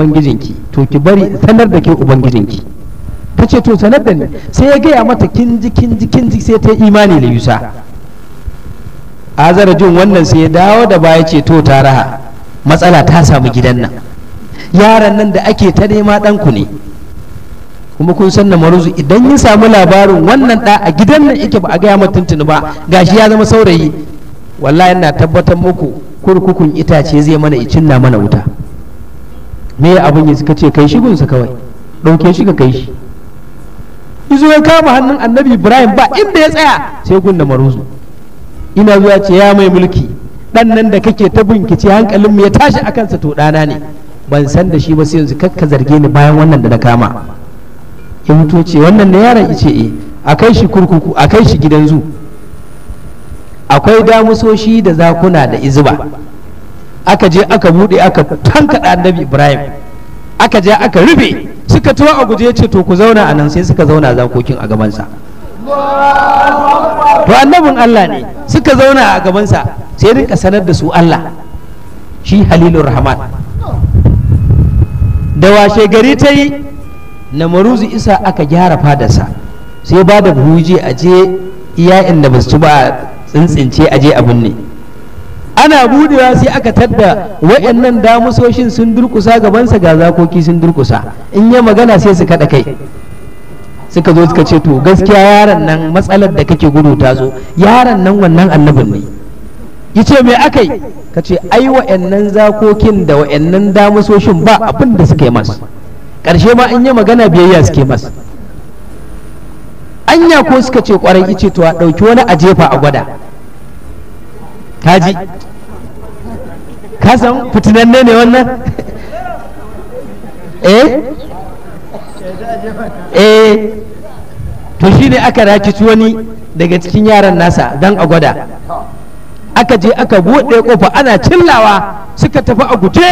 ubangijinki to ki bari sanar da ke ubangijinki ta ce to sanar da ni sai ya gaya mata kin ji kin ji kin ji sai ta imani da yusa azara jin wannan sai ya dawo da baya ce to ta raha matsala ta samu gidan nan yaran nan da ake ta nema ku ne kuma kun san na maruzu idan ya samu labarin wannan da a gidan nan yake ba a gaya mata tuntuni ba gashi ya zama saurayi wallahi ina tabbatar muku kurkukun itace zai mana icin na mana wuta me abin ya suka ce kai shi gunsa kawai ɗauke shi ka kai shi izo ya kama hannun annabi ibrahim ba inda ya tsaya sai gun da maruzu ina zuwa ce ya mai mulki dan nan da kake ta bincike hankalin mu ya tashi akan sa to dana ne ban san da shi ba sai yanzu kakka zarge ni bayan wannan da na kama ya mutu ce wannan na yaron ice eh a kai shi kurkuku a kai shi gidan zu akwai damusoshi da zakuna da izuba aka je aka buɗe aka tankaɗa annabi ibrahim aka je aka rufe suka tuwa a guje ce to ku zauna a nan sai suka zauna a zakokin a gabansa to annabin allah ne suka zauna a gabansa sai rinka sanar da su allah shi halilur rahman da washe gari ta yi na maruzu isa aka gyara fadarsa sai ba da buhuje a je iya inda ba tsintsince a je a binne. ana budewa sai aka tadda wayannan damusoshin sun durkusa gabansa ga zakoki sun durkusa in ya magana sai su kada kai suka zo suka ce to gaskiya yaron nan matsalar da kake gudu ta zo yaron nan wannan annabin ne yace me akai ka ce ai wayannan zakokin da wayannan damusoshin ba abin da suka yi masa karshe ma in ya magana biyayya suke masa anya ko suka ce kwarai ice to a ɗauki wani a jefa a gwada kaji Hassan fitinanne ne wannan eh eh to shi ne aka rakici wani daga cikin yaran nasa don a gwada aka je aka buɗe kofa ana cillawa suka tafi a guje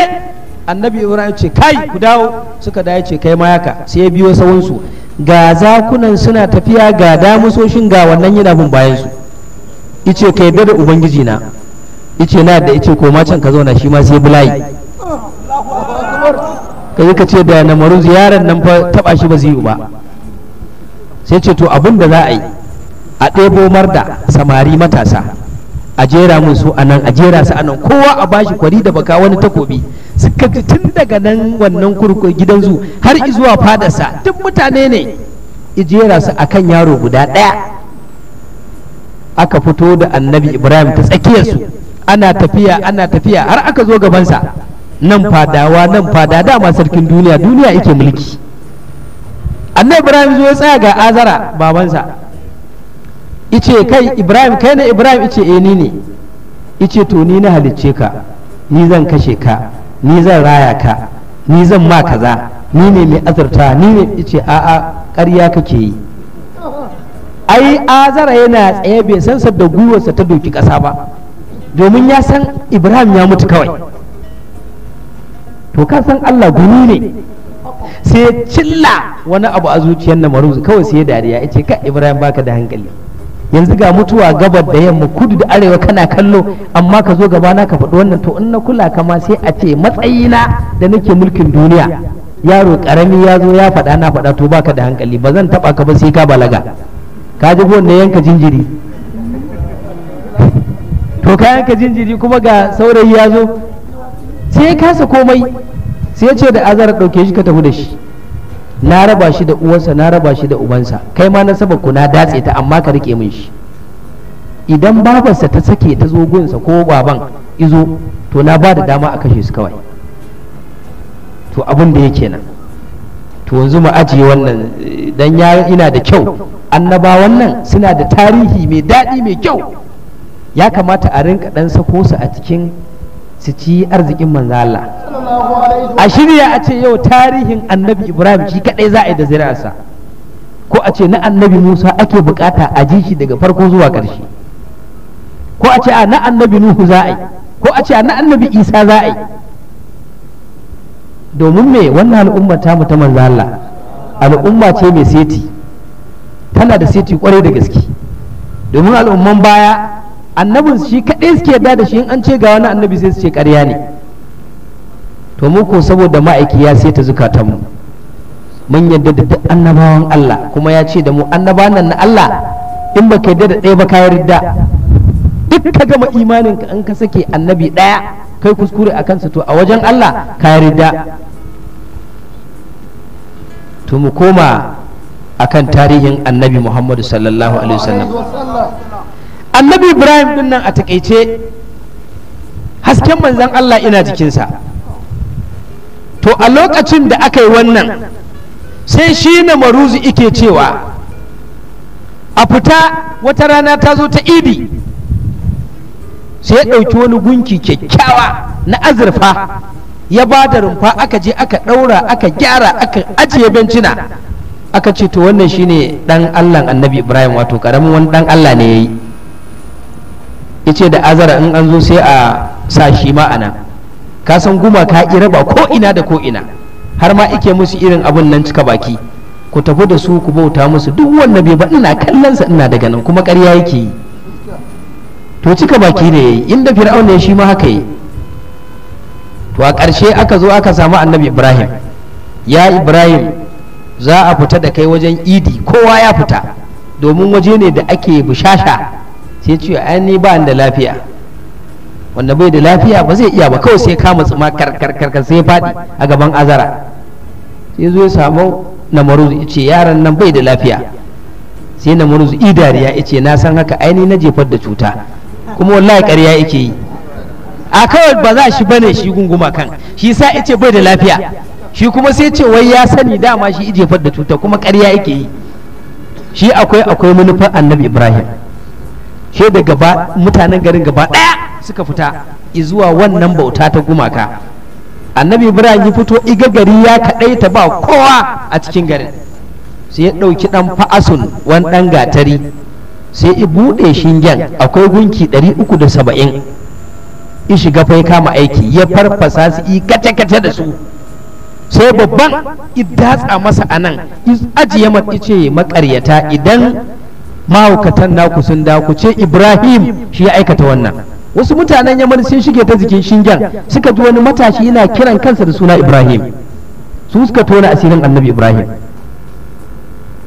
annabi ibrahim ce kai ku dawo suka dawo ce kai mayaka sai ya biyo sawunsu ga zakunan suna tafiya ga damusoshin ga wannan yana bin bayansu ice ka da ubangiji na Ice na da yace koma can ka zauna shi ma sai bulayi kai ka ce da namaru ziyarar nan fa taba shi ba zai yi ba sai ce to abin da za a yi a ɗebo marda samari matasa a jera mun su a nan a jera su a nan kowa a bashi kwari da baka wani takobi suka ji tun daga nan wannan kurkuku gidan zu har zuwa fadarsa duk mutane ne jera su akan yaro guda ɗaya aka fito da annabi ibrahim ta tsakiyarsu ana tafiya ana tafiya har aka zo gabansa nan fadawa nan fada dama sarkin duniya duniya yake mulki annabi ibrahim zo ya tsaya ga azara babansa ice kai ibrahim kai na ibrahim ice eh ni ne ice to ni na halicce ka ni zan kashe ka ni zan raya ka ni zan ma kaza ni ne mai azurta ni ne ice a'a ƙarya kake yi ai azara yana tsaye bai san da gwiwarsa ta doki ƙasa ba domin ya san ibrahim ya mutu kawai to kan san allah guni ne sai ya cilla wani abu a zuciyar na maruzu kawai sai ya dariya ya ce ka ibrahim baka da hankali yanzu ga mutuwa gabar da yamma kudu da arewa kana kallo amma ka zo gabana ka faɗi wannan to in na kula kama sai a ce matsayina da nake mulkin duniya yaro karami ya zo ya faɗa na faɗa to baka da hankali ba zan taɓa ka ba sai ka balaga ka ji wannan yanka jinjiri to kayan ka jinjiri kuma ga saurayi ya zo sai ya kasa komai sai ya ce da azara ɗauke shi ka tafi da shi na raba shi da uwansa na raba shi da ubansa kai ma na ku na datse ta amma ka rike min shi idan babarsa ta sake ta zo gunsa ko baban izo to na ba da dama a kashe su kawai to abin da yake nan to yanzu mu ajiye wannan dan ya ina da kyau annaba wannan suna da tarihi mai daɗi mai kyau ya kamata a rinka dan sako su a cikin su ci arzikin manzo Allah a shirya a ce yau tarihin annabi Ibrahim shi kadai za a yi da zuri'arsa ko a ce na annabi Musa ake bukata a ji shi daga farko zuwa ƙarshe ko a ce a na annabi Nuhu za a yi ko a ce a na annabi Isa za a yi domin me wannan al'umma ta mu ta manzo Allah al'umma ce mai seti tana da seti kwarai da gaske domin al'umman baya annabin shi kaɗai suke yarda da shi in an ce ga wani annabi sai su ce ƙarya ne to mu ko saboda ma'aiki ya sai ta zukatanmu mun yarda da duk annabawan Allah kuma ya ce da mu annabawan nan na Allah in ba ka yarda da ɗaya ba ka yarda duk ka gama imanin ka in ka sake annabi ɗaya kai kuskure a kansa to a wajen Allah ka yarda to mu koma akan tarihin annabi Muhammadu sallallahu alaihi wasallam annabi ibrahim din nan a takaice hasken manzan allah ina jikinsa to a lokacin da aka yi wannan sai shi na maruzu ike cewa a fita wata rana ta zo ta idi sai ya ɗauki wani gunki kyakkyawa na azurfa ya ba da rumfa aka je aka ɗaura aka gyara aka ajiye bencina aka ce to wannan shine ɗan allah annabi ibrahim wato ƙaramin wani ɗan allah ne ya yi ya ce da azara in an zo sai a sa shi ma'ana a nan ka san gumaka ko ina da ko ina har ma ike musu irin abun nan cika baki ku tafi da su ku bauta musu duk wanda bai ba ina kallon sa ina daga nan kuma ƙarya yake yi to cika baki da yayi inda fir'auna ya shi ma haka yi to a ƙarshe aka zo aka samu annabi ibrahim ya ibrahim za a fita da kai wajen idi kowa ya fita domin waje ne da ake bushasha sai ce ai ni ba da lafiya wanda bai da lafiya ba zai iya ba kawai sai kama tsuma karkarkar sai faɗi a gaban azara sai zo ya samu namaruz ya ce yaran nan bai da lafiya sai namaruz idariya ya ce na san haka aini na jefar da cuta kuma wallahi ƙarya yake yi a kawai ba za shi bane shi gunguma kan shi sa ya ce bai da lafiya shi kuma sai ce wai ya sani dama shi jefar da cuta kuma ƙarya yake yi shi akwai akwai manufar annabi ibrahim ke da mutanen garin gaba ɗaya suka fita zuwa wannan bauta ta gumaka annabi ibrahim ya fito iga gari ya kaɗai ta ba kowa a cikin garin sai ya ɗauki ɗan fa'asun wani ɗan gatari sai ya buɗe shingen akwai gunki 370 In shiga fai kama aiki ya farfasa su yi kace-kace da su sai babban idatsa masa anan ajiye mace makaryata idan mahaukatan naku sun da ku ce ibrahim shi ya aikata wannan wasu mutanen yamar sun shige ta jikin shingen suka ji wani matashi yana kiran kansa da suna ibrahim su suka tona asirin annabi ibrahim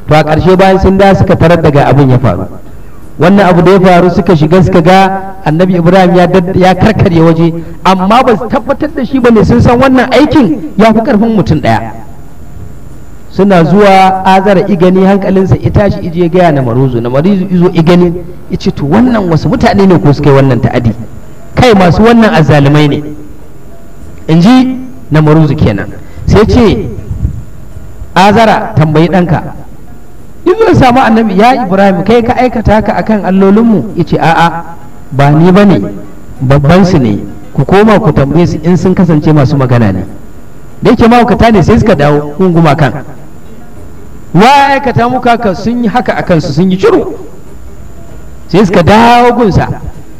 to a ƙarshe bayan sun da suka tarar daga abin ya faru wannan abu da ya faru suka shiga suka ga annabi ibrahim ya karkarye waje amma ba su tabbatar da shi ba ne sun san wannan aikin ya fi karfin mutum ɗaya suna zuwa azara igani hankalinsa ya tashi ije gaya na maruzu na maruzu izo igani ya ce to wannan wasu mutane ne ko suka yi wannan ta'adi kai masu wannan azalimai ne in ji na maruzu kenan sai ce azara tambayi ɗanka izo ya samu annabi ya ibrahim kai ka aikata ka akan allolinmu ya ce a'a ba ni ba ne babban su ne ku koma ku tambaye su in sun kasance masu magana ne da yake mawukata ne sai suka dawo unguma kan wa aikata muka haka sun yi haka a kansu sun yi shiru sai suka dawo gunsa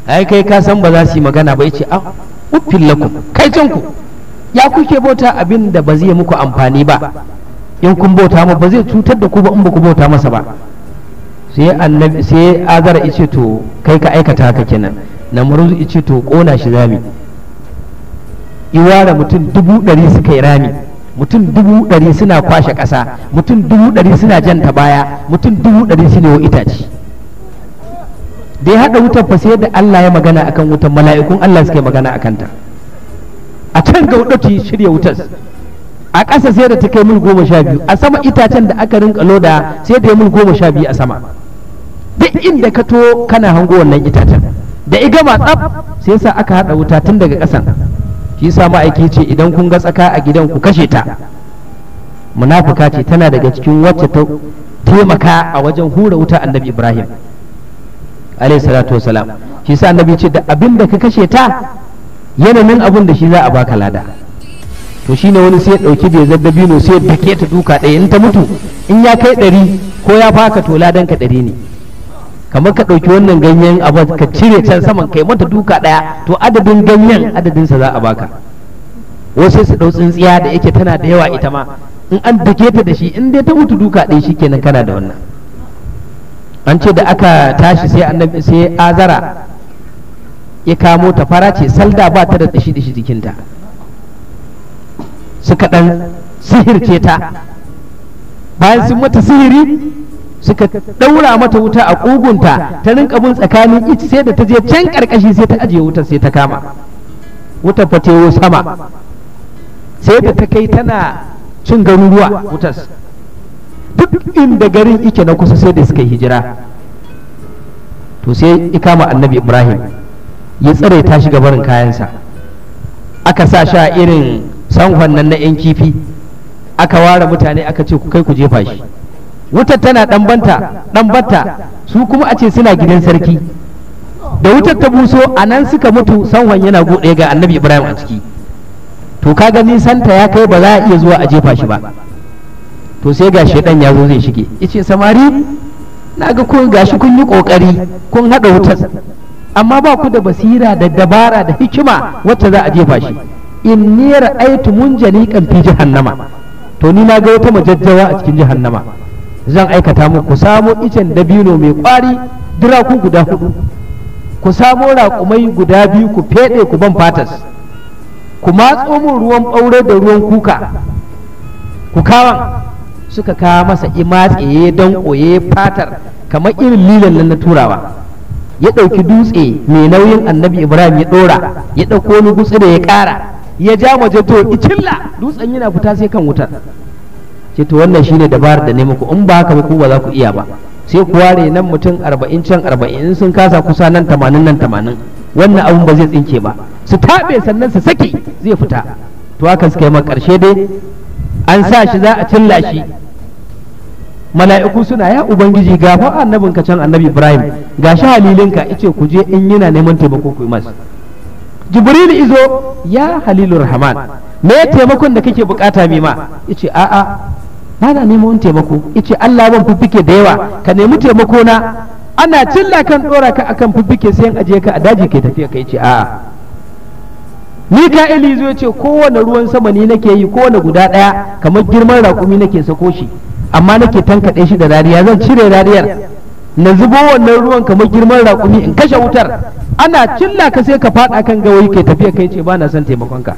ai kai ka san ba za su yi magana ba yace a ah, uffin lakum kai ku ya kuke bauta abin da ba zai muku amfani ba in kun bauta ma ba zai cutar da ku ba in ba ku bauta masa ba sai annabi sai azara yace to kai ka aikata haka kenan namruz yace to kona shi zami iwara mutum dubu ɗari suka yi rami mutum dubu ɗari suna kwashe ƙasa mutum dubu ɗari suna janta baya mutum dubu ɗari suna yau itace da ya haɗa wutar fa sai da Allah ya magana akan wutar mala'ikun Allah suke magana akan ta a can ga wuɗaci shirya wutar a ƙasa sai da ta kai mil goma sha biyu a sama itacen da aka rinka loda sai da ya mil goma sha biyu a sama duk inda ka to kana hango wannan itacen da igama tsaf sai sa aka haɗa wuta tun daga ƙasan shi ma'aiki ce idan kun ga tsaka a gidan ku kashe ta munafuka ce tana daga cikin wacce ta taimaka a wajen hura wuta annabi ibrahim alayhi salatu wasalam shi sa annabi ce da abin da ka kashe ta yanayin abin da shi za a baka lada to shine wani sai ya dauki bezar bino sai ya dake ta duka ɗaya in ta mutu in ya kai ɗari ko ya baka to ladan ka ɗari ne kamar ka ɗauki wannan ganyen abu ka cire can saman kai mata duka ɗaya to adadin ganyen adadinsa za a baka wasu su ɗau tsintsiya da yake tana da yawa ita ma in an dake ta da shi in dai ta mutu duka ɗaya shi kenan kana da wannan an ce da aka tashi sai annabi sai azara ya kamo ta fara ce salda ba ta da dashi dashi jikinta suka ɗan sihirce ta bayan sun mata sihiri suka ɗaura mata wuta a kugunta ta rinka bin tsakanin ita, sai da ta je can karkashi sai ta ajiye wutar sai ta kama wutar fa sama sai da ta kai tana cin garuruwa wutar duk inda garin ike na kusa sai da suka hijira to sai ikama annabi ibrahim ya tsare ta shiga barin kayansa aka sa sha irin sanhon nan na yan kifi aka ware mutane aka ce ku kai ku jefa shi wutar tana ɗanbanta banta su kuma a ce suna gidan sarki da wutar ta buso a nan suka mutu sanwan yana goɗe ga annabi ibrahim a ciki to ka gani ya kai ba za a iya zuwa a jefa shi ba to sai ga shaidan ya zo zai shige ce samari na ga kun gashi kun yi kokari kun haɗa wutar amma ba ku da basira da dabara da hikima wacce za a jefa shi in ni jani munjaliqan fi jahannama to ni na ga wata majajjawa a cikin jahannama zan aikata mu ku samo icen dabino mai kwari ku guda hudu ku samo raƙumai guda biyu ku feɗe ku ban fatas ku matso mun ruwan ɓaure da ruwan kuka ku kawan suka kawo masa imatsaye don koye fatar kamar irin lilan na turawa ya ɗauki dutse mai nauyin annabi ibrahim ya ɗora ya ɗauko wani gutsi da ya ƙara ya ja majato icilla dutsen yana fita sai kan wutar ce to wannan shine dabar da ne muku in ba haka ba ku ba za ku iya ba sai ku ware nan mutum arba'in can arba'in in sun kasa kusa nan tamanin nan tamanin wannan abun ba zai tsinke ba su tabe sannan su saki zai fita to haka suka yi maka karshe dai an sa shi za a cilla shi mala'iku suna ya ubangiji ga fa annabinka can annabi ibrahim ga shi halilinka ice ku je in yana neman taimako ku yi masa jibril izo ya halilur rahman me taimakon da kake bukata mima yace a'a ba na neman wani taimako ice Allah ban fiffike da yawa ka nemi taimako na ana cilla kan dora ka akan fiffike sai an aje ka a daji ke tafiya kai ce a'a Mika'ili zo ce kowane ruwan sama ni nake yi kowane guda daya kamar girman raƙumi nake sako shi amma nake tankaɗe shi da rariya zan cire rariyar na zubo wannan ruwan kamar girman raƙumi in kashe wutar ana cilla ka sai ka faɗa kan gawayi kai tafiya kai ce ba na son taimakonka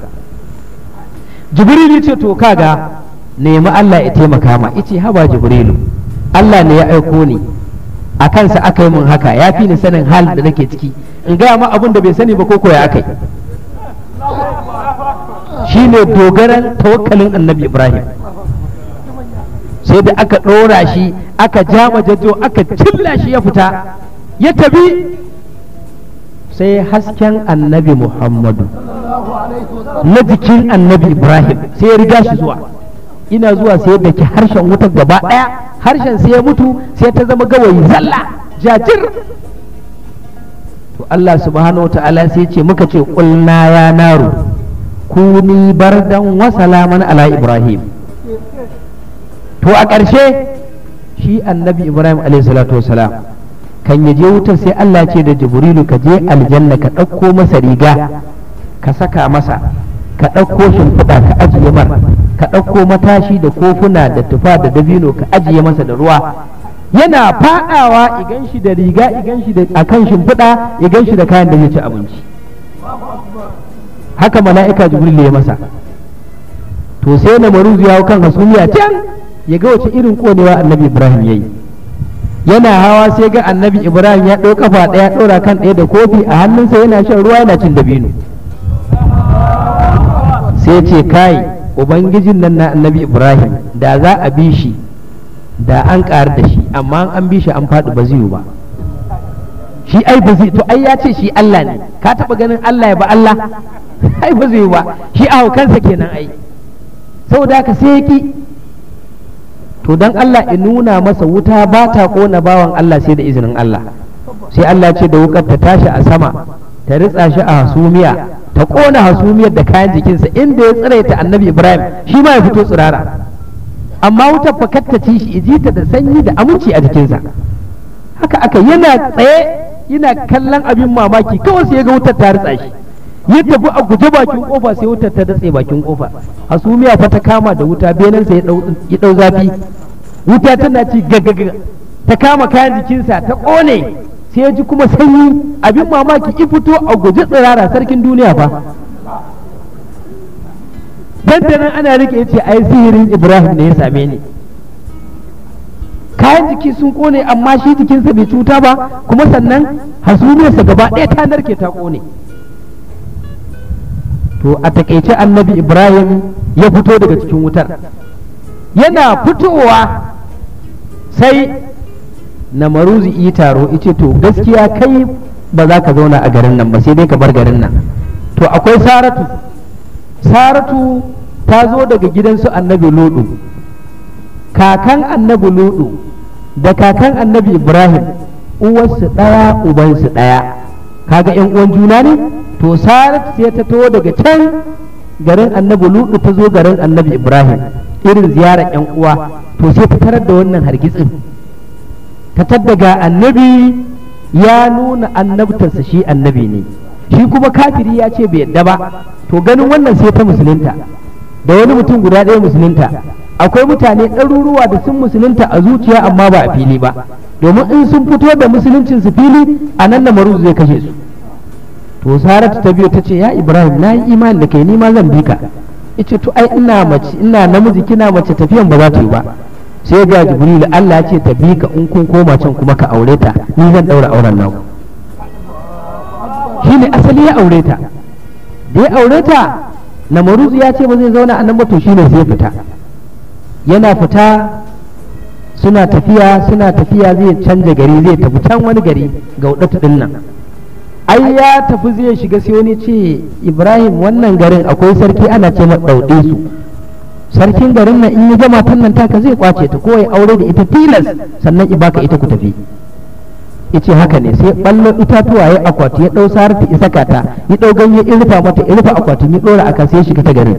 jibril ce to kaga nemi Allah ya taimaka ma ice haba jibrilu Allah ne ya aiko ni a kansa aka yi mun haka ya fi ni sanin hal da nake ciki in ga ma abun da bai sani ba ko koya aka yi shi ne dogaran tawakkalin annabi ibrahim sai da aka ɗora shi aka jama majajjo aka cilla shi ya fita ya tabi sai hasken annabi muhammadu na jikin annabi ibrahim sai ya riga shi zuwa ina zuwa sai da ki harshen wutar gaba ɗaya harshen sai ya mutu sai ta zama gawayi zalla jajir to Allah subhanahu wata'ala sai ce muka ce kulna ya naru kuni bardan wa salaman ala ibrahim to a ƙarshe shi annabi ibrahim alaihi salatu wasalam kan ya je wutar sai Allah ce da jibrilu ka je aljanna ka ɗauko masa riga ka saka masa ka ɗauko shimfiɗa ka ajiye mar ka ɗauko matashi da kofuna da tufa da dabino ka ajiye masa da ruwa yana faɗawa igan shi da riga igan shi da akan shimfiɗa igan shi da kayan da zai ci abinci haka mala'ika jibril ya masa to sai na maruzu ya kan hasumiya can ya ga wace irin konewa annabi ibrahim yayi yana hawa sai ga annabi ibrahim ya ɗau kafa ɗaya ɗora kan ɗaya da kofi a hannunsa yana shan ruwa yana cin dabino sai ce kai ubangijin nan na annabi ibrahim da za a bi shi da an ƙar da shi amma an bi shi an faɗi ba zai ba shi ai ba zai to ai ya ce shi Allah ne ka taɓa ganin Allah ya ba Allah ai ba zai ba shi a kansa kenan ai saboda ka sai ki to dan Allah ya nuna masa wuta ba ta kona bawan Allah sai da izinin Allah sai Allah ce da wukar ta tashi a sama ta ritsa shi a hasumiya ta ƙona hasumiyar da kayan jikinsa inda ya ta annabi ibrahim shi ma ya fito tsirara amma wutar fakatta ci shi ijita da sanyi da aminci a jikinsa haka aka yana tsaye yana kallon abin mamaki kawai sai ya ga wutar ta ritsa shi ya tafi a guje bakin kofa sai wutar ta datse bakin kofa hasumiya fa ta kama da wuta benin sai ya dau zafi wuta tana ci gaggaga ta kama kayan jikinsa ta ƙone. sai ya ji kuma sanyi abin mamaki in fito a guji tsirara sarkin duniya ba nan ana rike ya ce ai sihirin ibrahim ne ya same ni kayan jiki sun kone amma shi jikinsa bai cuta ba kuma sannan hasumiyarsa gaba ɗaya ta narke ta kone to a takaice annabi ibrahim ya fito daga cikin wutar yana fitowa sai na maruzi yi taro ice to gaskiya kai ba za ka zauna a garin nan ba sai dai ka bar garin nan to akwai saratu saratu ta zo daga gidansu annabi lodo kakan annabi lodo da kakan annabi ibrahim uwarsu ɗaya ubansu ɗaya kaga yan uwan juna ne to saratu sai ta taho daga can garin annabi lodo ta zo garin annabi ibrahim irin ziyarar yan uwa to sai ta tarar da wannan hargitsin ka daga annabi ya nuna annabtarsa shi annabi ne shi kuma kafiri ya ce bai yadda ba to ganin wannan sai ta musulunta da wani mutum guda ɗaya musulunta akwai mutane ɗaruruwa da sun musulunta a zuciya amma ba a fili ba domin in sun fito da musuluncin su fili a nan lamarin zai kashe su to saratu ta biyo ta ce ya ibrahim na yi imani da kai ni ma zan bi ka ita to ai ina mace ina namiji kina mace tafiyan ba za ta yi ba sai ga jibril Allah ce ta bi ka in kun koma can kuma ka aure ta ni zan daura auren nan ne asali ya aure ta da ya aure ta maruzu ya ce ba zai zauna a nan ba to shi ne zai fita yana fita suna tafiya suna tafiya zai canja gari zai tafi can wani gari ga wadatu din nan ai ya tafi zai shiga sai wani ce ibrahim wannan garin akwai sarki ana ce ma daude su sarkin garin nan in ya zama matan nan taka zai kwace ta ko ya aure da ita tilas sannan i baka ita ku tafi ce haka ne sai ballo itatuwa ya akwati ya dau sarar ta isa kata ya dau ganye in rufa mata in rufa akwatin ya dora kan sai ya shiga ta garin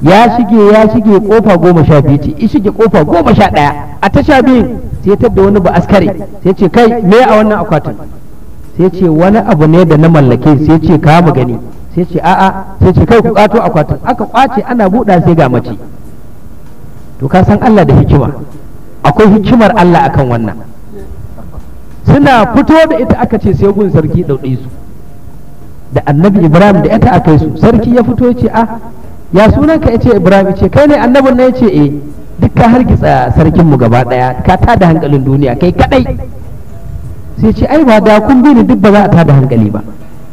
ya shige ya shige kofa goma sha biyu ce shige kofa goma sha ɗaya a ta sha biyun sai ya da wani ba askare sai ce kai me a wannan akwatin sai ce wani abu ne da na mallake sai ce ka mu gani sai ce a'a sai ce kai ku kato akwatin aka kwace ana buɗa sai ga mace to ka san Allah da hikima akwai hikimar Allah akan wannan suna fito da ita aka ce sai gun sarki ɗauɗe su da annabi ibrahim da ita aka su sarki ya fito ya ce a ah, ya ka ya ce ibrahim ya ce kai ne annabin na ya ce eh duk ka hargitsa sarkinmu gaba daya ka tada hankalin duniya kai kaɗai sai ce ai ba da kun bi ni duk ba za a da hankali ba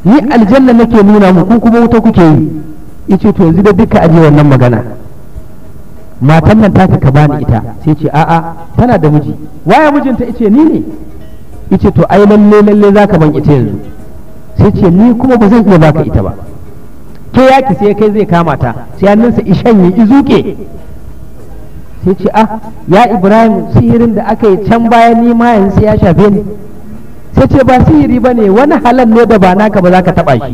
ni aljanna nake nuna muku kuma wuta kuke yi yace to yanzu da duka aje wannan magana matan nan ta ka bani ita sai ce a'a tana da miji waya mijinta yace ni ne yace to ai lalle lalle zaka ban ita yanzu sai ce ni kuma ba zan iya baka ita ba ke yaki sai kai zai kama ta sai ishan yi izuke sai ce ah ya ibrahim sihirin da aka yi can bayan ni ma yanzu ya shafe ni sai ce ba sihiri ba ne wani halan ne da ba naka ba za ka taɓa shi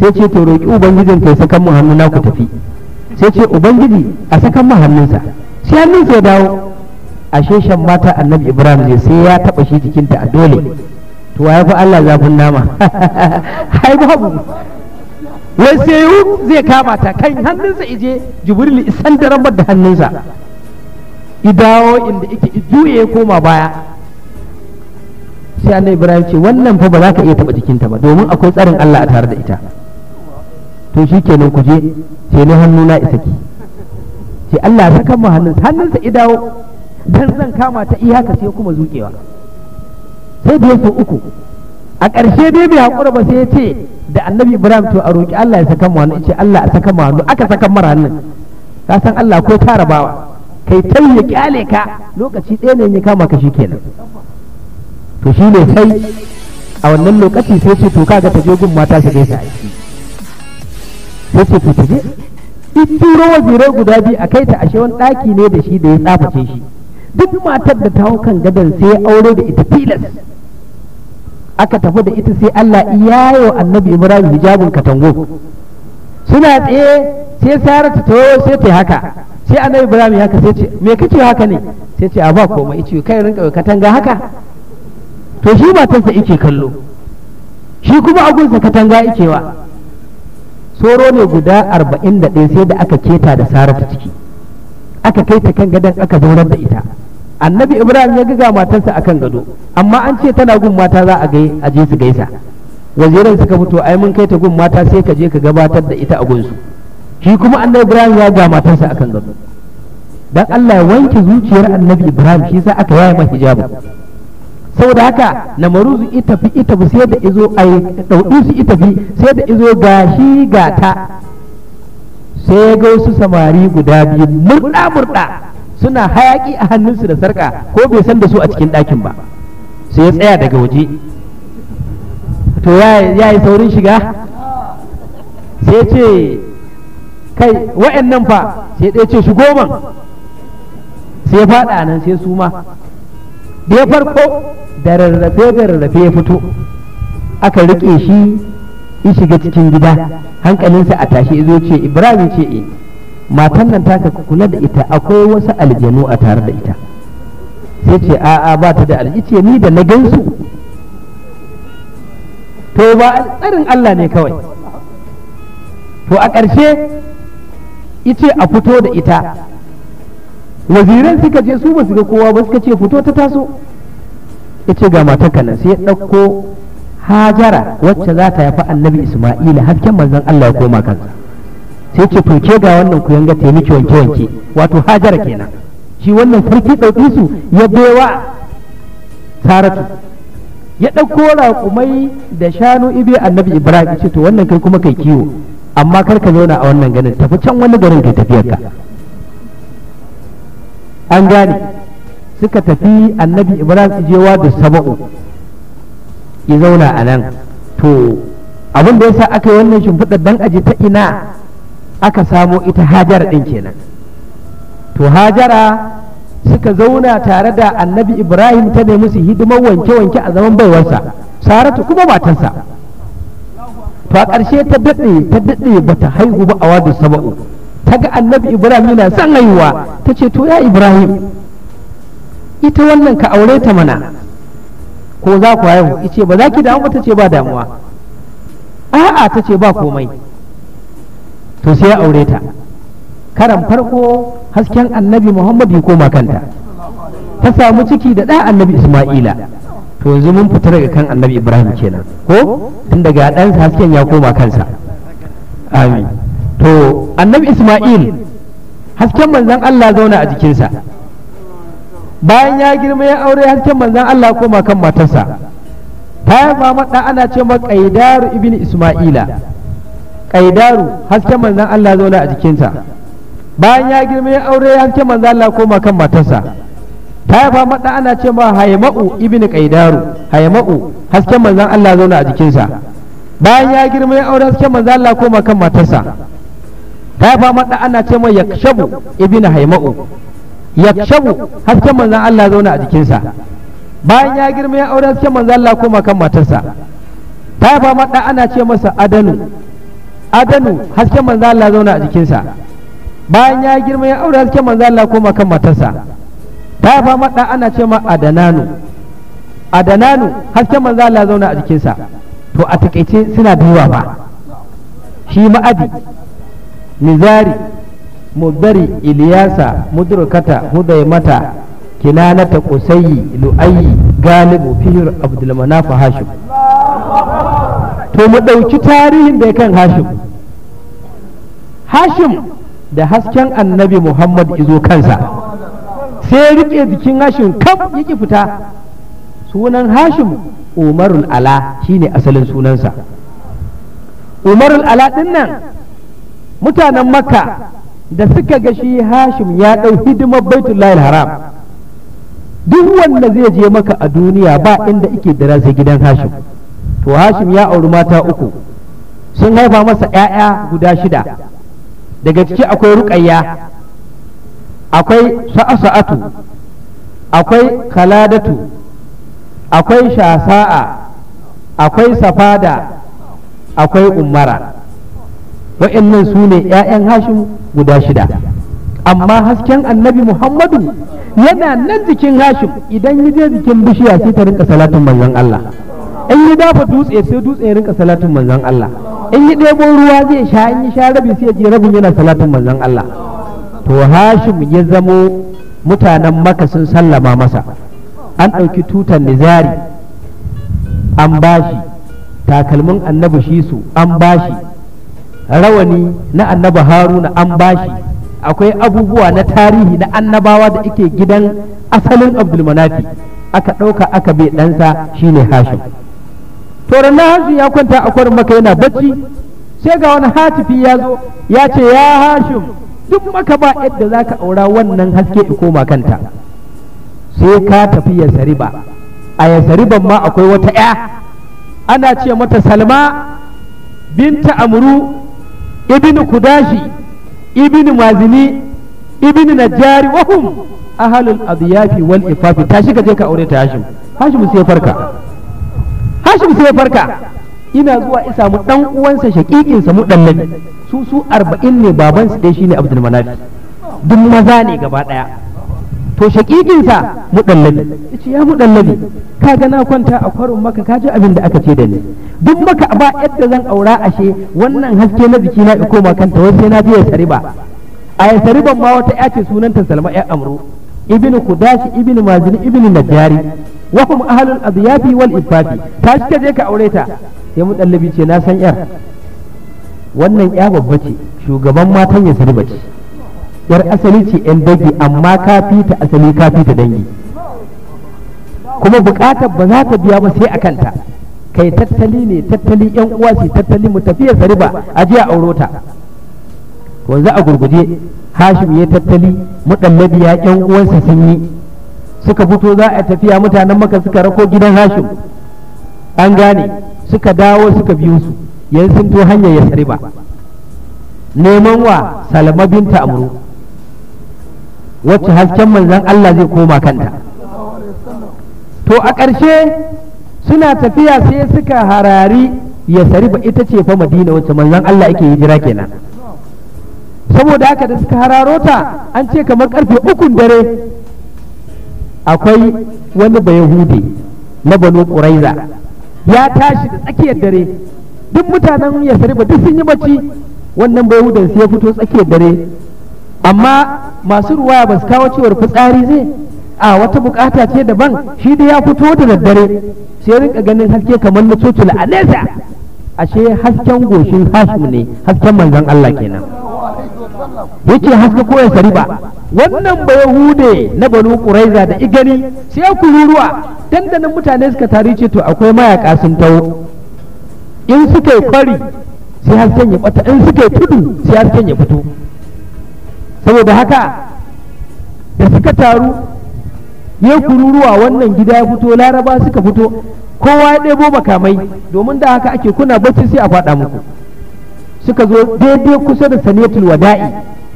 sai ce to roƙi ubangijin ya sakan mu hannu na ku tafi sai ce ubangiji a sakan mu hannunsa shi hannun ya dawo ashe shan mata annabi ibrahim ne sai ya taɓa shi jikinta a dole to ya fi allah zafin nama hai babu wai sai zai kama ta kan hannunsa ije jibril isan da rabar da hannunsa idawo inda ike juye koma baya sai annabi ibrahim ce wannan fa ba za ka iya taba jikinta ba domin akwai tsarin Allah a tare da ita to shikenan ku je sai na hannu na isa ki sai Allah ta kama hannun hannunsa ya dawo dan zan kama ta iya haka sai kuma zukewa sai da yaso uku a ƙarshe dai bai haƙura ba sai ya ce da annabi ibrahim to a roƙi Allah ya saka mu hannu ce Allah a saka mu hannu aka saka mara hannun ka san Allah ko tarabawa kai tai ya kyale ka lokaci ɗaya ne ya kama ka kenan to shi ne sai a wannan lokaci sai ce to kaga ta je mata su gaisa sai ce to taje in turo wazirai guda biyu a kai ta ashe wani ɗaki ne da shi da ya tsaface shi duk matar da ta hau kan gadon sai ya aure da ita tilas aka tafi da ita sai Allah iya yau annabi Ibrahim hijabin katango suna tsaye sai Sara ta tawo sai ta haka sai annabi Ibrahim haka sai ce me kace haka ne sai ce a ba komai ce kai rinka katanga haka to shi matansa yake kallo shi kuma agunsa katanga wa soro ne guda arba'in da ɗaya sai da aka keta da saratu ciki aka kai ta kan gadon aka zaunar da ita annabi ibrahim ya ga matansa akan gado amma an ce tana gun mata za a je su gaisa waziran suka fito ai mun kai ta gun mata sai ka je ka gabatar da ita a gunsu shi kuma annabi ibrahim ya ga matarsa akan gado dan Allah ya wanke zuciyar annabi ibrahim shi sa aka yaya ma hijabu saboda haka su ita fi ita bu sai da izo ai su ita fi sai da izo gashi ta sai ya ga wasu samari guda biyu murda murda suna hayaƙi a hannunsu da sarka ko bai san da su a cikin ɗakin ba sai ya tsaya daga waje to ya yi saurin shiga sai ce kai wa'annan fa sai ɗaya ce shi goma sai ya faɗa nan sai su ma da farko da rarrafe da rarrafe ya fito aka rike shi ya shiga cikin gida hankalinsa a tashi zo ce ibrahim ce e matan nan taka kula da ita akwai wasu aljanu a tare da ita sai ce a'a ba ta da aljice ni da na gansu to ba tsarin Allah ne kawai to a ƙarshe ice a fito da ita waziran suka je su ba su ga kowa ba suka ce fito ta taso ya ce ga matarka nan sai ya ɗauko hajara wacce za ta yafi annabi isma'ila hasken manzon allah ya koma kansa sai ce to ke ga wannan ku yanga ta wanke wanke wato hajara kenan shi wannan sarki ɗauki su ya bewa saratu ya ɗauko raƙumai da shanu ibe annabi ibrahim ya ce to wannan kai kuma kai kiwo amma kar ka zauna a wannan ganin tafi can wani garin kai tafiyarka an gane suka tafi annabi ibrahim su je da saba'u ya zauna a nan to abin da ya sa aka yi wannan shimfiɗar dan aji ta ina aka samo ita hajara ɗin kenan to hajara suka zauna tare da annabi ibrahim ta nemi su hidimar wanke-wanke a zaman baiwarsa saratu kuma matarsa to a ƙarshe ta daɗe ta daɗe bata haihu ba a wadu saba'u ta ga annabi ibrahim yana son haihuwa ta ce to ya ibrahim ita wannan ka aure ta mana ko za ku haihu ice ba za ki damu ba ta ce ba damuwa a'a ta ce ba komai to sai ya aure ta karan farko hasken annabi muhammad ya koma kanta ta samu ciki da ɗa annabi isma'ila to yanzu mun fita daga kan annabi ibrahim kenan ko tun daga ɗansa hasken ya koma kansa amin to annabi isma'il hasken manzan Allah zauna a jikinsa bayan ya girma ya aure hasken manzan Allah koma kan matarsa ta yafa maɗa ana ce ma ƙaidaru ibn isma'ila ƙaidaru hasken manzan Allah zauna a jikinsa bayan ya girma ya aure hasken manzan Allah koma kan matarsa ta yafa maɗa ana ce ma haima'u ibn ƙaidaru haima'u hasken manzan Allah zauna a jikinsa bayan ya girma ya aure hasken manzan Allah koma kan matarsa ta fa da ana ce mai yakshabu ibn haima'u yakshabu hasken manzan Allah zauna a jikinsa bayan ya girma ya aure hasken manzan Allah koma kan matarsa ta fa da ana ce masa adanu adanu hasken manzan Allah zauna a jikinsa bayan ya girma ya aure hasken manzan Allah koma kan matarsa ta fa da ana ce ma adananu adananu hasken manzan Allah zauna a jikinsa to a takaice suna da yawa ba shi ma'adi mizari bari iliyasa mudrukata hudaimata kinanata kusayi lu'ayi galibu fihir Abdulmanafu hashim to mu ɗauki tarihin da ya kan hashim hashim da hasken annabi muhammad izo kansa sai rike jikin hashim kaf yake fita sunan hashim umarul ala shine asalin sunansa umarul ala ɗin nan mutanen makka da suka ga shi hashim ya ɗau hidimar baitullahi haram duk wanda zai je maka a duniya ba inda ike dira sai gidan hashim to hashim ya auri mata uku sun haifa masa 'ya'ya guda shida daga ciki akwai ruƙayya akwai sa'asa'atu akwai kaladatu akwai shasa'a akwai safada akwai umara wa'annan su ne 'ya'yan hashim guda shida amma hasken annabi muhammadu yana nan jikin hashim idan yi je jikin bishiya sai ta rinka salatin manzon Allah in yi dafa dutse sai dutse ya rinka salatin manzon Allah in yi ɗebo ruwa zai sha in yi sha rabi sai je rabin yana salatin manzon Allah to hashim ya zamo mutanen maka sun sallama masa an ɗauki tutan nizari an bashi takalmin annabi shi su an bashi rawani na annaba haruna an bashi akwai abubuwa na tarihi na annabawa da ake gidan asalin abdulmanafi aka ɗauka aka bai ɗansa shine hashim to na hashim ya kwanta a kwarin maka yana bacci sai ga wani hatifi ya zo ya ce ya hashim duk maka ba yadda za ka aura wannan haske da koma kanta sai ka tafi ya sariba a ya sariban ma akwai wata ya ana ce mata salma binta amru ibn kudashi ibn mazini ibn najjari wa hum ahlul adiyafi wal ifafi tashi ka je ka aure ta hashim hashim sai farka hashim sai farka ina zuwa isa mu dan uwansa shakikin sa mu su su 40 ne baban su dai shine abdul manaf duk maza ne gaba daya to mu muɗallabi yace ya muɗallabi ka ga na kwanta a kwarin maka ka ji abin da aka ce da ni duk maka ba yadda zan aura ashe wannan haske na biki na iko kanta wai sai na biya sariba a yi sariban ma wata ya ce sunanta salma ya amru ibn kudashi ibn mazini ibn najari wa hum ahlul adyafi wal ifafi ta shi je ka aure ta sai muɗallabi ce na san yar wannan ya babba ce shugaban matan ya sariba ce yar asali ce yan dangi amma ka ta asali ka ta dangi kuma bukatar ba za ta biya ba sai a kanta kai tattali ne tattali yan uwa ce tattali mu tafiya riba a jiya aurota wanzu a gurguje hashim ya tattali mudallabi ya yan uwansa sun yi suka fito za a tafiya mutanen maka suka rako gidan hashim an gane suka dawo suka biyo su yanzu sun to hanyar ya ba neman wa salama binta amuru wacce hasken manzan Allah zai koma kanta to a ƙarshe suna tafiya sai suka harari ya ba ita ce fa madina wacce manzan Allah yake hijira kenan saboda haka da suka hararo ta an ce kamar karfe ukun dare akwai wani bayahudi na banu ƙuraiza ya tashi da tsakiyar dare duk mutanen ya duk sun yi bacci wannan bayahudan sai ya fito tsakiyar dare amma masu ruwa ba su kawo cewar fitsari zai a wata bukata ce daban shi da ya fito da daddare sai rinka ganin haske kamar na cocula a nesa ashe hasken goshin hasu ne hasken manzon Allah kenan yake haske koyar ba wannan ba yahude na banu quraiza da igani sai kururuwa dandanan mutane suka tare ce to akwai mayaka sun tawo in suka yi kwari sai hasken ya bata in suka yi tudu sai hasken ya fito saboda haka da suka taru ya kururuwa wannan gida ya fito laraba suka fito kowa ya ɗebo makamai domin da haka ake kuna bacci sai a faɗa muku suka zo daidai kusa da sanatul wada'i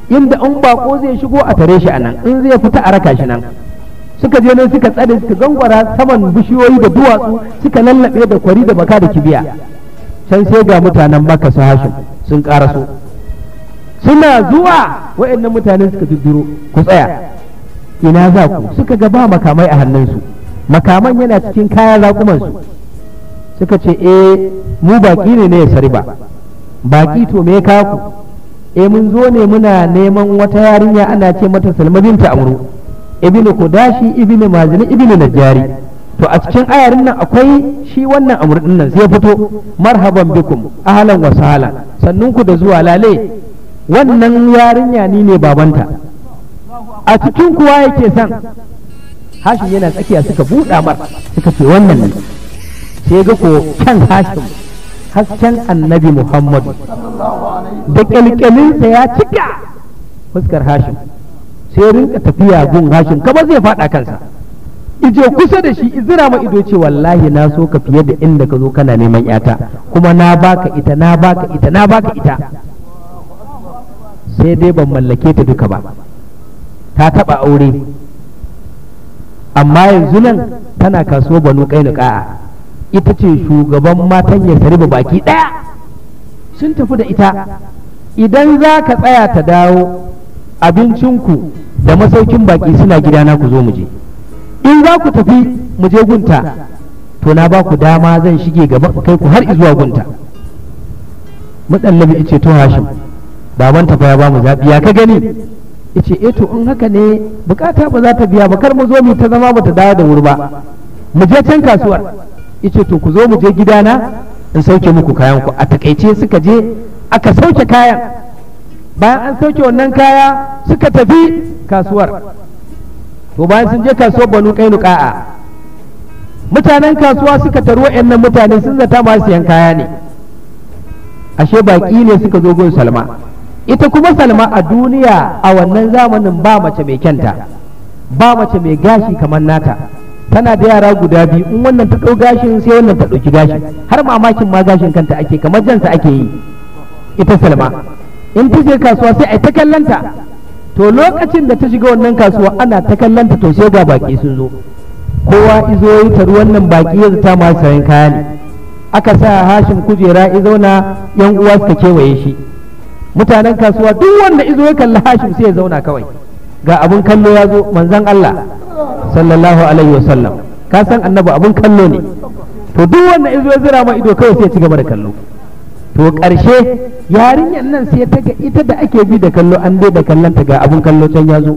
inda in bako zai shigo a tare shi a nan in zai fita a raka shi nan suka je ne suka tsare suka gangwara saman bishiyoyi da duwatsu suka lallabe da kwari da baka da kibiya can sai ga mutanen maka su hashim sun ƙaraso suna ah. zuwa wa'annan mutane suka dudduro ku tsaya ina za ku suka ga ba makamai a hannunsu makaman yana cikin kayan raƙumansu suka ce eh mu baƙi ne ne ya ba baki to me ka ku eh mun zo ne muna neman wata yarinya ana ce mata salma binta amru ibnu kudashi ibnu majini ibnu najari to a cikin ayarin nan akwai shi wannan amurdin nan sai fito marhaban bikum ahlan wa sahlan sannun ku da zuwa lale wannan yarinya ni ne babanta a cikin kuwa yake san hashin yana tsakiya suka buɗa mar suka ce wannan ne sai ga ko kan hashin hasken annabi muhammadu da kyalkyalinsa ya cika fuskar hashin sai rinka tafiya gun hashin kamar zai faɗa kansa ije kusa da shi izira ma ido ce wallahi na so ka fiye da inda ka zo kana neman yata kuma na baka ita na baka ita na baka ita sai dai ban mallake ta duka ba ta taɓa aure amma yanzu nan tana kasuwa banu kainuka ita ce shugaban matan ya sariba baki ɗaya sun tafi da ita idan za ka tsaya ta dawo abincinku da masaukin baki suna gidana ku zo mu je in za ku tafi muje gunta to na ba ku dama zan shige gaba kai ku har zuwa gunta mutsallabi ce to hashim baban ta fa ya bamu zaɓi ya ka gani Ice eh to in haka ne bukata ba za ta biya ba kar mu zo mu ta zama ba ta dawo da wuri ba mu je can kasuwar Ice to ku zo mu je gidana in sauke muku kayan ku a takaice suka je aka sauke kayan bayan an sauke wannan kaya suka tafi kasuwar to bayan sun je kasuwar banu kainu ka'a mutanen kasuwa suka taru wa'annan mutane sun zata masu yan kaya ne ashe baki ne suka zo gun salma ita kuma salma a duniya a wannan zamanin ba mace mai kyanta ba mace mai gashi kamar nata tana da yara guda biyu in wannan ta ɗau gashin sai wannan ta ɗauki gashin har mamakin ma gashin kanta ake kamar jansa ake yi ita salma in ta je kasuwa sai a ta kallanta to lokacin da ta shiga wannan kasuwa ana ta kallanta to sai ga baki sun zo kowa izo yi taru wannan baki ya zata masu sayan kaya ne aka sa hashin kujera izauna yan uwa suka kewaye shi mutanen kasuwa duk wanda izo ya kalli hashim sai ya zauna kawai ga abun kallo ya zo manzan Allah sallallahu alaihi wasallam ka san annabi abun kallo ne to duk wanda izo ya zira ma ido kawai sai ya ci gaba da kallo to karshe yarinyar nan sai ta ga ita da ake bi da kallo an dai da kallon ta ga abun kallo can ya zo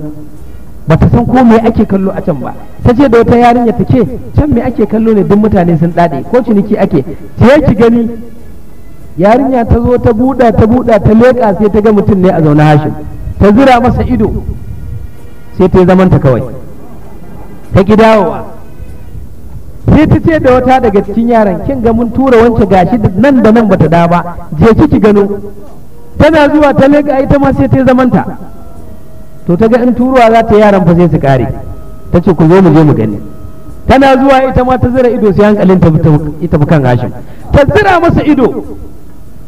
ba ta san ko me ake kallo a can ba ta ce da wata yarinya ta ce can me ake kallo ne duk mutane sun dade ko ciniki ake ta ki gani yarinya ta zo ta buɗa ta buɗa ta leƙa sai ta ga mutum ne a zaune hashim ta zira masa ido sai ta zaman ta kawai ta ki dawowa sai ta ce da wata daga cikin yaran kin ga mun tura wance gashi nan da nan bata da ba je kiki gano tana zuwa ta leƙa ita ma sai ta zaman ta to ta ga in turuwa za ta yaran fa sai su kare ta ce ku zo mu je mu gani tana zuwa ita ma ta zira ido sai hankalin ta ita bukan hashim ta zira masa ido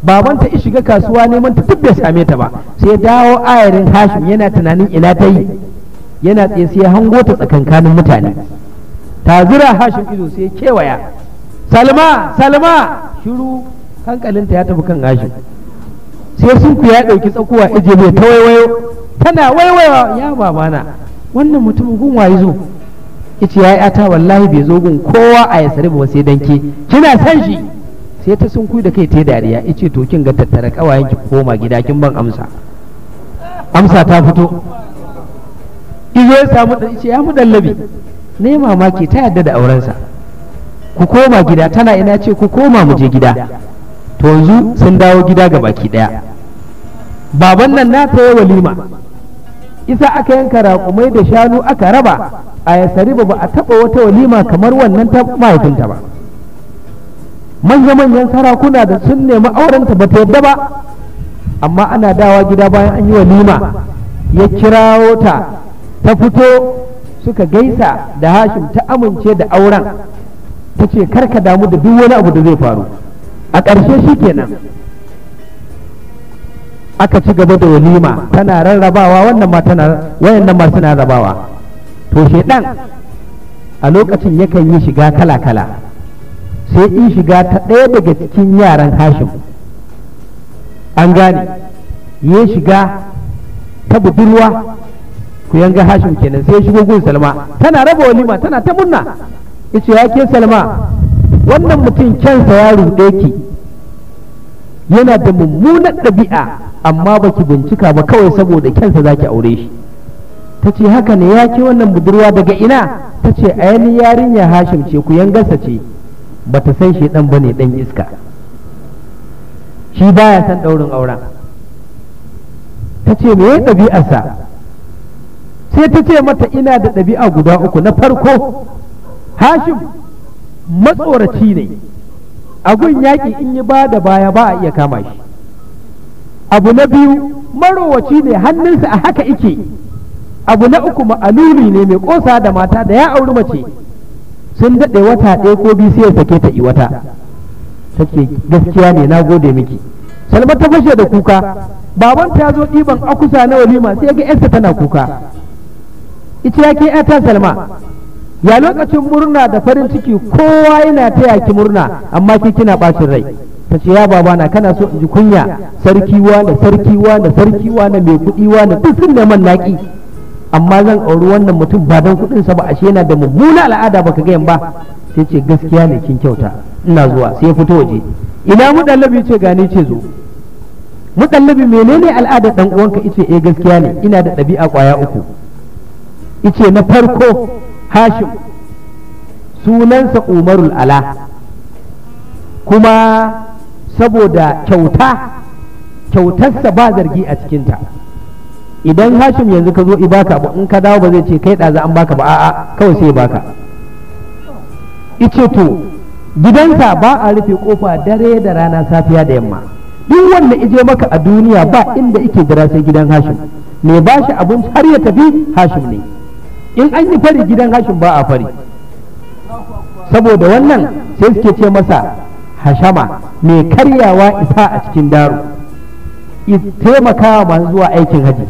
babanta in shiga kasuwa neman ta duk bai same ta ba sai dawo ayarin hashim yana tunanin ina ta yi yana tsaye sai hango ta tsakankanin mutane ta zira hashim ido sai kewaya salma salma shiru hankalinta ya tafi kan hashim sai ku ya ɗauki tsakuwa ije mai ta waiwayo tana waiwayo ya babana wannan mutum gun waye zo ice ya ta wallahi bai zo gun kowa a ya ba sai danke kina san shi sai ta sun da kai ta dariya ya to kin ga tattara kawayen ki koma gida kin ban amsa amsa ta fito izo ya samu da ice ya mu dallabi ne mamaki ta yadda da aurensa ku koma gida tana ina ce ku koma mu je gida to yanzu sun dawo gida ga baki daya baban nan na ta walima isa aka yanka raƙumai da shanu aka raba a yasariba ba a taɓa wata walima kamar wannan ta mahaifinta ba manya-manyan sarakuna da sun nemi aurenta ba ta yadda ba amma ana dawa gida bayan an yi walima ya kirawo ta ta fito suka gaisa da hashim ta amince da auren ta ce karka damu da duk wani abu da zai faru a ƙarshe shi kenan aka ci gaba da walima tana rarrabawa wannan ma tana wayannan ma suna rabawa to shedan a lokacin yakan yi shiga kala-kala sai in shiga ta ɗaya daga cikin yaran hashim an gane ya shiga ta budurwa ku yanga hashim kenan sai shigo gun salma tana raba walima tana ta murna ce ya ke salma wannan mutum kyansa ya ruɗe ki yana da mummunan ɗabi'a amma baki bincika ba kawai saboda kyansa za ki aure shi ta ce haka ne ya ke wannan budurwa daga ina ta ce a yarinya hashim ce ku yangarsa ce bata san shi dan bane dan iska shi baya san daurin auren ta ce me ya ɗabi'arsa sai ta ce mata ina da ɗabi'a guda uku na farko hashim matsoraci ne agun yaƙi in yi ba da baya ba a iya kama shi abu na biyu marowaci ne hannunsa a haka ike abu na uku ma'aluri ne mai ƙosa da mata da ya auri mace sun daɗe wata ɗaya ko biyu sai ya sake ta iwata wata gaskiya ne na gode miki salma ta fashe da kuka baban ta zo ɗiban akusa na walima sai ga yarsa tana kuka ita ya ke ta salma ya lokacin murna da farin ciki kowa yana ta yaki murna amma ki kina bacin rai ta ce ya babana kana so in ji kunya sarkiwa da sarkiwa da sarkiwa na mai kuɗiwa na duk sun man naƙi amma zan auri wannan mutum ba don kuɗin sa ba ashe yana da mummuna al'ada baka ga ba sai ce gaskiya ne kin kyauta ina zuwa sai fito waje ina mudallabi ce gani ce zo mudallabi menene al'adar dan uwanka ice eh gaskiya ne ina da ɗabi'a kwaya uku ice na farko hashim sunansa umarul ala kuma saboda kyauta kyautarsa ba zargi a cikinta idan hashim yanzu ka zo i baka abu in ka dawo ba zai ce kai ɗaza an baka ba a'a kawai sai baka ice to gidanka ba a rufe kofa dare da rana safiya da yamma duk wanda ije maka a duniya ba inda ike jira sai gidan hashim mai ba shi abinci har ya tafi hashim ne in an yi fari gidan hashim ba a fari saboda wannan sai suke ce masa hashama mai karyawa isa a cikin daro taimakawa masu zuwa aikin hajji.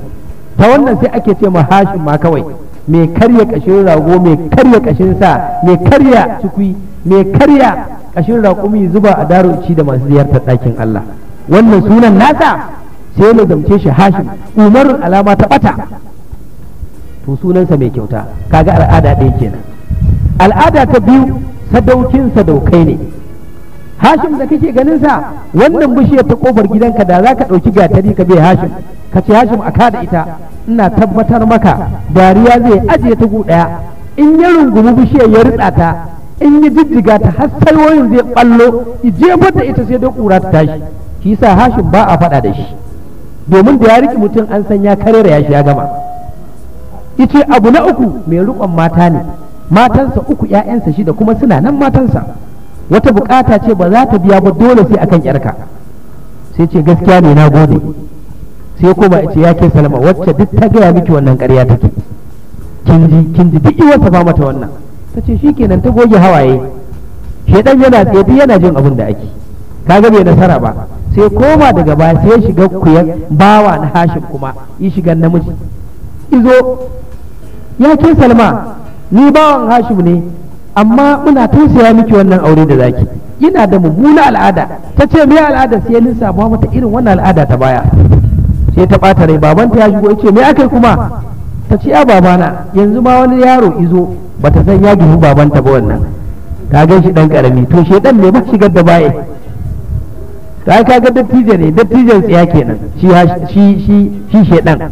ta wannan sai ake ce ma hashin ma kawai mai karya kashin rago mai karya kashin sa mai karya cikui mai karya kashin raƙumi zuba a daro ci da masu ziyartar ɗakin Allah wannan sunan nasa sai na zamce shi hashin umar alama ta bata to sunansa mai kyauta kaga al'ada ɗaya kenan al'ada ta biyu sadaukin sadaukai ne hashim da kake ganin sa wannan bishiyar ta kofar gidanka da za ka ɗauki gatari ka bai hashim ka ce hashim a kada ita ina tabbatar maka dariya zai ajiye ta daya in ya rungumi bishiyar ya rida ta in ya jijjiga ta har salwoyin zai ballo jefar da ita sai da kura ta tashi shi sa hashim ba a faɗa da shi domin da ya riki mutum an san ya karera ya shi ya gama ice abu na uku mai rukon mata ne matansa uku 'ya'yansa shida kuma suna nan matansa wata bukata ce ba za ta biya ba dole sai akan yarka sai ce gaskiya ne na gode sai kuma ce ya ke salama wacce duk ta gaya miki wannan karya take kin ji kin ji duk iwata ba mata wannan ta ce shikenan ta goge hawaye shedan yana tsaye yana jin abin da ake kaga bai nasara ba sai koma daga ba sai ya shiga kuyar bawa na hashim kuma yi shiga namiji izo ya ke salma ni bawan hashim ne amma muna tausaya miki wannan aure da zaki ina da mummuna al'ada ta ce me al'ada sai lissafa mata irin wannan al'ada ta baya sai ta bata rai babanta ya shigo yace me akai kuma ta ce a babana yanzu ma wani yaro izo bata san ya gihu babanta ba wannan ta gan shi dan karami to dan ne ba shigar da baye ta ka ga dattijo ne dattijon tsiya kenan shi shi shi shedan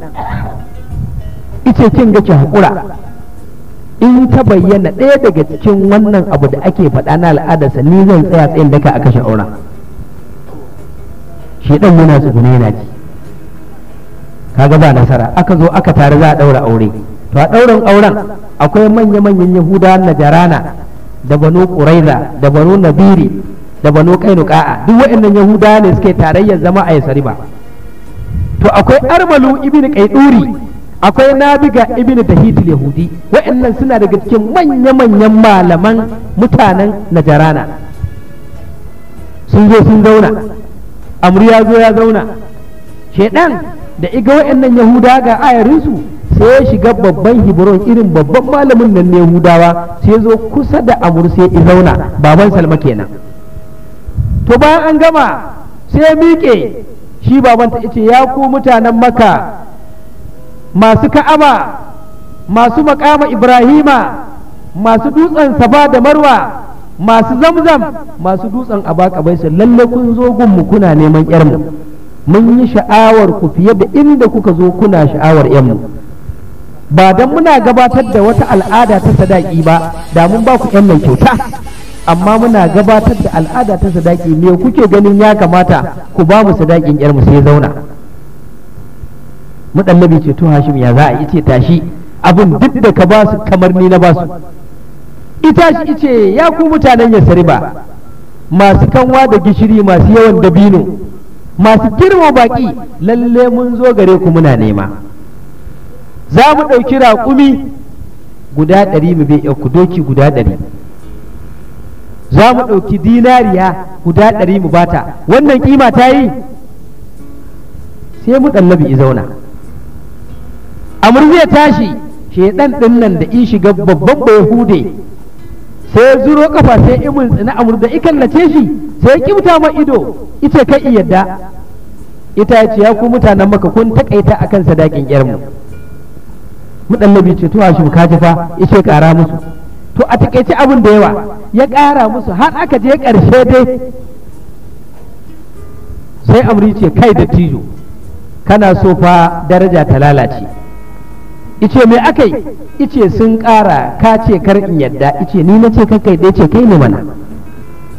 ice kin ga ki hakura in ta bayyana ɗaya daga cikin wannan abu da ake faɗa na al'adarsa ni zan tsaya tsayin daka a kashe aura shi ɗan yana gune yana ji kaga ba nasara aka zo aka tare za a ɗaura aure to a ɗaurin auren akwai manya-manyan yahudawa na jarana da banu ƙuraiza da bano nabiri da banu kainuka'a duk waɗannan yahudawa ne suke tarayyar zama a yasariba to akwai armalu ibn qaiduri akwai nabiga ibn dahid yahudi wa'annan suna daga cikin manya-manyan malaman mutanen najarana sun zo sun zauna amru ya zo ya zauna shaidan da iga wa'annan yahuda ga ayarinsu sai ya shiga babban hibiron irin babban malamin nan na yahudawa sai zo kusa da amur sai ya zauna baban salma kenan to ba an gama sai ya miƙe shi baban ta ya ku mutanen maka masu ka'aba masu makama ibrahima masu dutsen saba da marwa masu zamzam masu dutsen abaka baisa lalle kun zo gunmu kuna neman yarmu mun yi sha'awar ku fiye da inda kuka zo kuna sha'awar yarmu ba dan muna gabatar da wata al'ada ta sadaki ba da mun ba ku yan mai kyauta amma muna gabatar da al'ada ta sadaki me kuke ganin ya kamata ku ba mu sadakin yarmu sai zauna mudallabi ce to hashim ya za a ce tashi abin duk da ka basu kamar ni na basu ita shi ice ya ku mutanen yasariba masu kanwa da gishiri masu yawan dabino masu girma baki lalle mun zo gare ku muna nema za mu ɗauki raƙumi guda ɗari mu bai ku doki guda ɗari za mu ɗauki dinariya guda ɗari mu bata wannan kima ta yi sai mu ɗallabi zauna amur zai tashi shedan din nan da in shiga babban bai hude sai zuro kafa sai imin tsina amur da ikan na shi sai kimta ma ido ita kai yadda ita ce ya ku mutanen maka kun takaita akan sadakin yarmu mu dallabi ce to hashim ka ji fa yace kara musu to a takaice abin da yawa ya kara musu har aka je karshe dai sai amri ce kai da tijo kana so fa daraja ta lalace ice me akai ice sun ƙara ka ce kar in yadda ice ni na ce kai da ce kai ne mana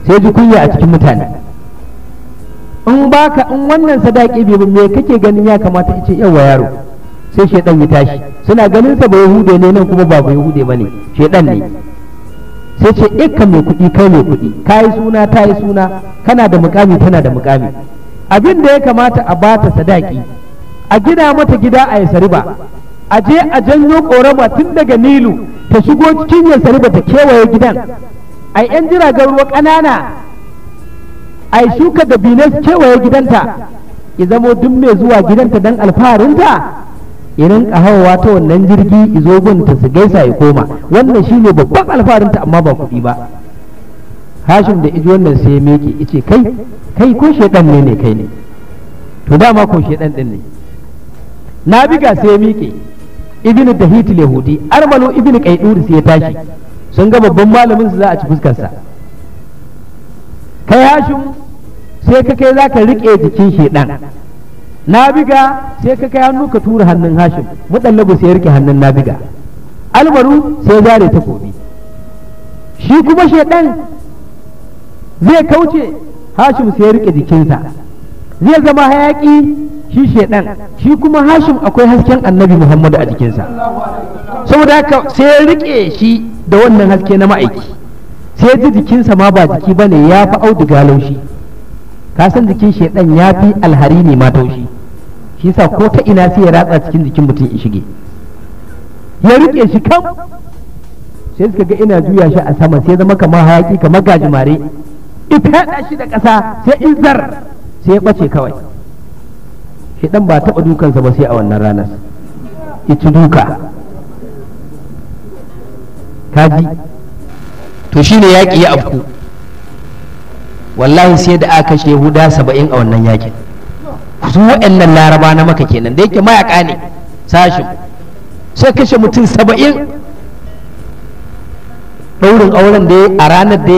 sai ji kunya a cikin mutane in baka in wannan sadaki bai me kake ganin ya kamata ice yawa yaro sai shedan ya tashi suna ganin sa ba yahude ne nan kuma ba ba yahude bane shedan ne sai ce ikka eh, mai kuɗi kai mai kuɗi kai suna tayi suna kana da mukami tana da mukami abin da ya kamata a bata sadaki a gida mata gida a yi sariba a je a janyo koraba tun daga nilu ta shigo cikin yansariba ta kewaye gidan a yan jiragen ruwa ƙanana ai shuka da su kewaye gidanta ya zamo duk mai zuwa gidanta don alfaharinta irin hawa ta wannan jirgi izogun ta su gaisa ya koma wannan shine babban alfaharinta amma ba kuɗi ba hashim da iji wannan sai meke ice kai kai ko shedan ne ne kai ne to dama ko shedan din ne na biga sai meke ibn dahit yahudi armalu ibn qaiduri sai ya tashi sun ga babban malamin su za a ci fuskar sa kai hashim sai ka kai zaka rike jikin shedan nabiga sai ka kai hannu ka tura hannun hashim mudallabu sai ya rike hannun nabiga almaru sai zare gobe shi kuma shedan zai kauce hashim sai ya rike jikinsa zai zama hayaki shi shedan shi kuma hashim akwai hasken annabi muhammadu a jikinsa saboda haka sai ya rike shi da wannan haske na ma'aiki sai ya ji jikinsa ma ba jiki ba ne ya fi auduga laushi ka san jikin shaidan ya fi alhari ne ma taushi shi sa ko ta ina sai ya ratsa cikin jikin mutum ya shige ya rike shi kam sai suka ga ina juya shi a sama sai zama kamar hayaki kamar gajimare ita shi da ƙasa sai izar sai ya ɓace kawai dan ba taɓa dukansa ba sai a wannan ranar ita duka kaji to shine yaƙi ya afku wallahi sai da aka kashe huda saba'in a wannan yaƙin su waɗannan laraba na maka kenan da yake mayaka ne sashin sai kashe mutum saba'in ɗaurin auren da a ranar da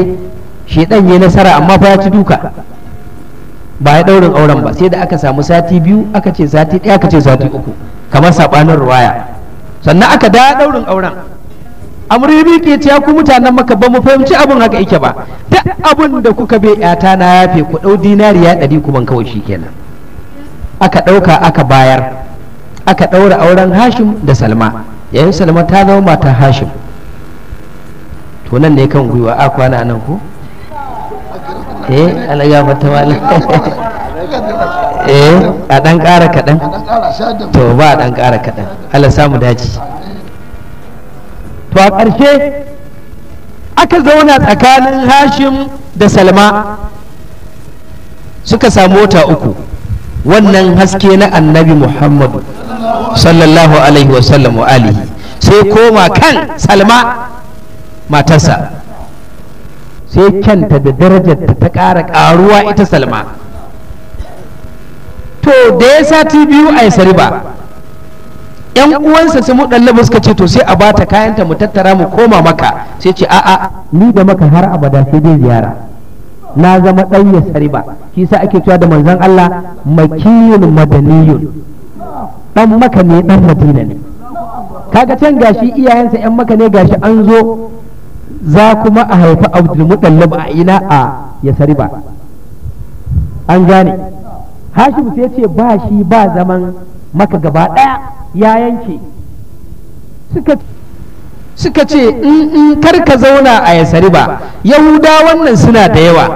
ɗan ya nasara amma fa ya ci duka ba ya daurin auren ba sai da aka samu sati biyu aka ce sati ɗaya aka ce sati uku kamar sabanin ruwaya sannan aka da daurin auren amribi ke ce ku mutanen maka ba mu fahimci abin haka yake ba ta abin da kuka bai yata na yafe ku dau dinariya ɗari kuma kawai shi kenan aka ɗauka aka bayar aka ɗaura auren hashim da salma yayin salma ta zama mata hashim to nan ne kan gwiwa a kwana nan ko eh ala gafarta malam eh a dan ƙara kaɗan to ba a dan ƙara kaɗan Allah samu daji to a ƙarshe aka zauna tsakanin hashim da salma suka samu wata uku wannan haske na annabi muhammadu sallallahu alaihi wasallam wa alihi sai koma kan salma matarsa sai kyanta da darajarta ta ƙara ƙaruwa ita salma to da ya sati biyu a yasari ba yan uwansa sai muɗallaba suka ce to sai a bata kayanta mu tattara mu koma maka sai ce a'a ni da maka har abada sai dai ziyara na zama ɗan yasari ba shi sa ake cewa da manzon Allah makiyun madaniyun dan maka ne dan madina ne kaga can gashi iyayensa yan maka ne gashi an zo za kuma a haifi abdul mutallab a ina a yasariba an gane hashim sai ce ba shi ba zaman maka gaba ɗaya ya yanke suka ce in kar ka zauna a yasariba yahuda wannan suna da yawa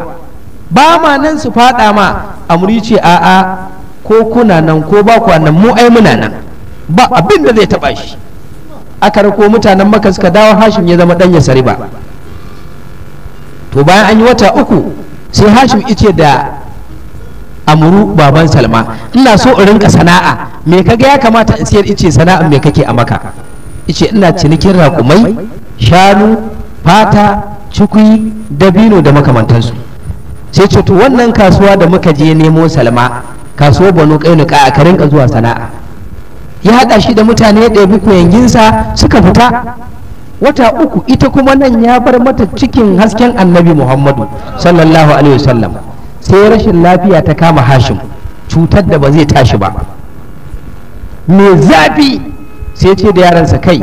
ba ma nan su fada ma amuri ce a'a ko kuna nan ko ba ku nan mu ai muna nan ba abinda zai taɓa shi aka rako mutanen maka suka dawo hashim ya zama dan ya sariba to bayan an yi wata uku sai hashim ice da amuru baban salma ina so in rinka sana'a me kaga ya kamata in sayar ice sana'a me kake a maka ice ina cinikin raƙumai shanu fata cikui dabino da makamantansu sai ce to wannan kasuwa da muka je nemo salma kasuwar banu kainuka a ka rinka zuwa sana'a ya haɗa shi da mutane ɗaya yanginsa suka fita wata uku ita kuma nan ya bar mata cikin hasken annabi muhammadu sallallahu alaihi wasallam sai rashin lafiya ta kama hashim cutar da ba zai tashi ba me zafi sai ce da yaransa kai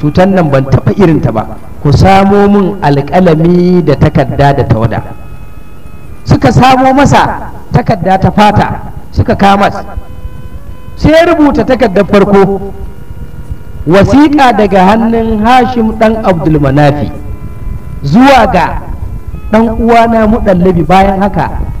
cutar nan ban taɓa ta ba ku samo min alƙalami da takarda da tawada suka samo masa takarda ta fata suka kama sai rubuta takardar farko wasiƙa daga hannun hashim ɗan abdulmanafi zuwa ga ɗan uwana muɗallabi bayan haka